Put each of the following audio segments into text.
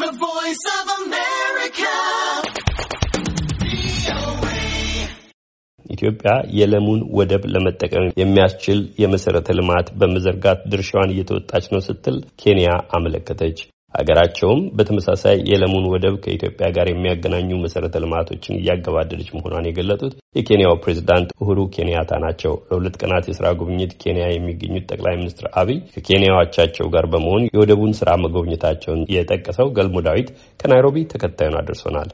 The Voice of America. ኢትዮጵያ የለሙን ወደብ ለመጠቀም የሚያስችል የመሰረተ ልማት በመዘርጋት ድርሻዋን እየተወጣች ነው ስትል ኬንያ አመለከተች። ሀገራቸውም በተመሳሳይ የለሙን ወደብ ከኢትዮጵያ ጋር የሚያገናኙ መሰረተ ልማቶችን እያገባደደች መሆኗን የገለጡት የኬንያው ፕሬዚዳንት ኡሁሩ ኬንያታ ናቸው። ለሁለት ቀናት የስራ ጉብኝት ኬንያ የሚገኙት ጠቅላይ ሚኒስትር አብይ ከኬንያዎቻቸው ጋር በመሆን የወደቡን ስራ መጎብኘታቸውን የጠቀሰው ገልሞ ዳዊት ከናይሮቢ ተከታዩን አድርሶናል።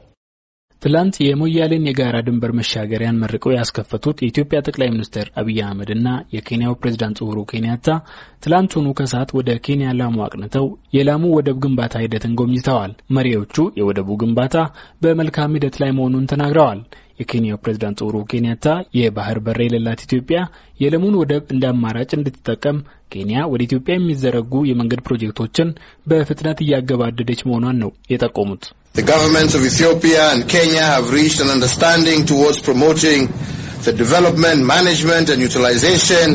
ትላንት የሞያሌን የጋራ ድንበር መሻገሪያን መርቀው ያስከፈቱት የኢትዮጵያ ጠቅላይ ሚኒስትር አብይ አህመድ እና የኬንያው ፕሬዝዳንት ኡሁሩ ኬንያታ ትላንቱኑ ከሰዓት ወደ ኬንያ ላሙ አቅንተው የላሙ ወደብ ግንባታ ሂደትን ጎብኝተዋል። መሪዎቹ የወደቡ ግንባታ በመልካም ሂደት ላይ መሆኑን ተናግረዋል። የኬንያው ፕሬዝዳንት ኡሁሩ ኬንያታ የባህር በር የሌላት ኢትዮጵያ የለሙን ወደብ እንደ አማራጭ እንድትጠቀም ኬንያ ወደ ኢትዮጵያ የሚዘረጉ የመንገድ ፕሮጀክቶችን በፍጥነት እያገባደደች መሆኗን ነው የጠቆሙት። The governments of Ethiopia and Kenya have reached an understanding towards promoting the development, management and utilization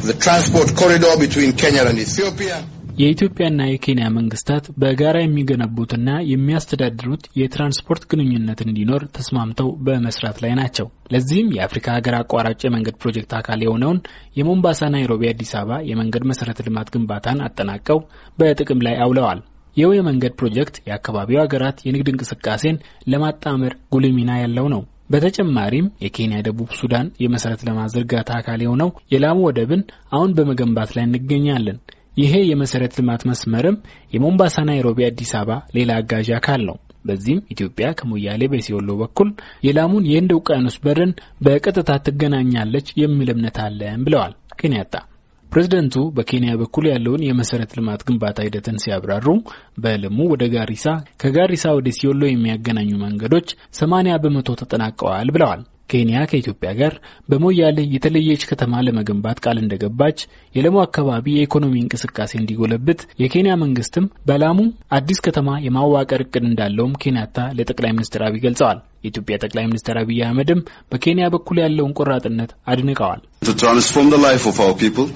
of the transport corridor between Kenya and Ethiopia. የኢትዮጵያና የኬንያ መንግስታት በጋራ የሚገነቡትና የሚያስተዳድሩት የትራንስፖርት ግንኙነት እንዲኖር ተስማምተው በመስራት ላይ ናቸው። ለዚህም የአፍሪካ ሀገር አቋራጭ የመንገድ ፕሮጀክት አካል የሆነውን የሞምባሳ ናይሮቢ አዲስ አበባ የመንገድ መሰረተ ልማት ግንባታን አጠናቀው በጥቅም ላይ አውለዋል። ይኸው የመንገድ ፕሮጀክት የአካባቢው ሀገራት የንግድ እንቅስቃሴን ለማጣመር ጉልህ ሚና ያለው ነው። በተጨማሪም የኬንያ ደቡብ ሱዳን የመሰረተ ልማት ዝርጋታ አካል የሆነው የላሙ ወደብን አሁን በመገንባት ላይ እንገኛለን። ይሄ የመሰረተ ልማት መስመርም የሞምባሳ ናይሮቢ፣ አዲስ አበባ ሌላ አጋዥ አካል ነው። በዚህም ኢትዮጵያ ከሞያሌ በሲወሎ በኩል የላሙን የህንድ ውቅያኖስ በርን በቀጥታ ትገናኛለች የሚል እምነት አለን ብለዋል ኬንያታ። ፕሬዝደንቱ በኬንያ በኩል ያለውን የመሰረት ልማት ግንባታ ሂደትን ሲያብራሩ በልሙ ወደ ጋሪሳ፣ ከጋሪሳ ወደ ሲዮሎ የሚያገናኙ መንገዶች 80 በመቶ ተጠናቀዋል ብለዋል። ኬንያ ከኢትዮጵያ ጋር በሞያሌ የተለየች ከተማ ለመገንባት ቃል እንደገባች፣ የለሙ አካባቢ የኢኮኖሚ እንቅስቃሴ እንዲጎለብት የኬንያ መንግስትም በላሙ አዲስ ከተማ የማዋቀር እቅድ እንዳለውም ኬንያታ ለጠቅላይ ሚኒስትር አብይ ገልጸዋል። የኢትዮጵያ ጠቅላይ ሚኒስትር አብይ አህመድም በኬንያ በኩል ያለውን ቆራጥነት አድንቀዋል። to transform the life of our people,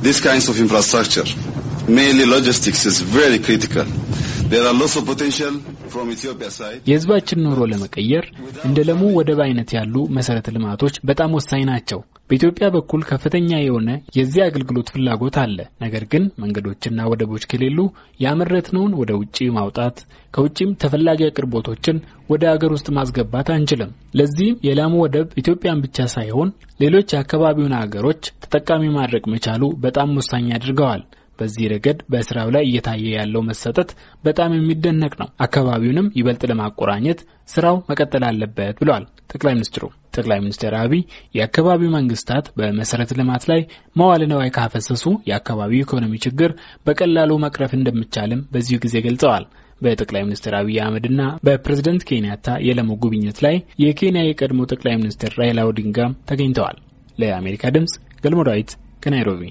these kinds of infrastructure, mainly logistics, is very critical. የህዝባችን ኑሮ ለመቀየር እንደ ለሙ ወደብ አይነት ያሉ መሰረተ ልማቶች በጣም ወሳኝ ናቸው። በኢትዮጵያ በኩል ከፍተኛ የሆነ የዚህ አገልግሎት ፍላጎት አለ። ነገር ግን መንገዶችና ወደቦች ከሌሉ ያመረትነውን ወደ ውጭ ማውጣት፣ ከውጭም ተፈላጊ አቅርቦቶችን ወደ አገር ውስጥ ማስገባት አንችልም። ለዚህም የላሙ ወደብ ኢትዮጵያን ብቻ ሳይሆን ሌሎች የአካባቢውን አገሮች ተጠቃሚ ማድረግ መቻሉ በጣም ወሳኝ አድርገዋል። በዚህ ረገድ በስራው ላይ እየታየ ያለው መሰጠት በጣም የሚደነቅ ነው። አካባቢውንም ይበልጥ ለማቆራኘት ስራው መቀጠል አለበት ብለዋል ጠቅላይ ሚኒስትሩ። ጠቅላይ ሚኒስትር አብይ የአካባቢው መንግስታት በመሰረተ ልማት ላይ መዋለ ነዋይ ካፈሰሱ የአካባቢው ኢኮኖሚ ችግር በቀላሉ መቅረፍ እንደሚቻልም በዚሁ ጊዜ ገልጸዋል። በጠቅላይ ሚኒስትር አብይ አህመድና በፕሬዝደንት ኬንያታ የለሙ ጉብኝት ላይ የኬንያ የቀድሞ ጠቅላይ ሚኒስትር ራይላ ኦዲንጋም ተገኝተዋል። ለአሜሪካ ድምጽ ገልሞዳዊት ከናይሮቢ